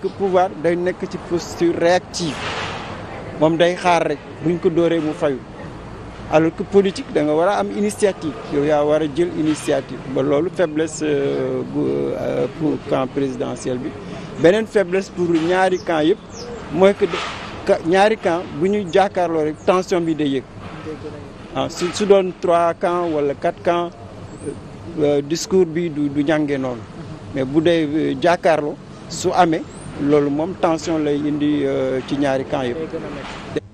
que pouvoir day nekk ci posture réactive moom day xaar rek buñ ko dooree mu fayu alors que politique da nga war a am initiative yow yaa war a jël initiative ba loolu faiblesse euh, euh, pour camp présidentiel bi beneen faiblesse pour ñaari camp yëpp mooy que ñaari camp bu ñu jàkkaarloo rek tension bi day yëg ah su doon trois camps wala quatre camps euh, discours bi du du jàngee noonu mais bu dee jàkkaarloo su amee loolu moom tension lay indi euh, ci ñaari camp yëpp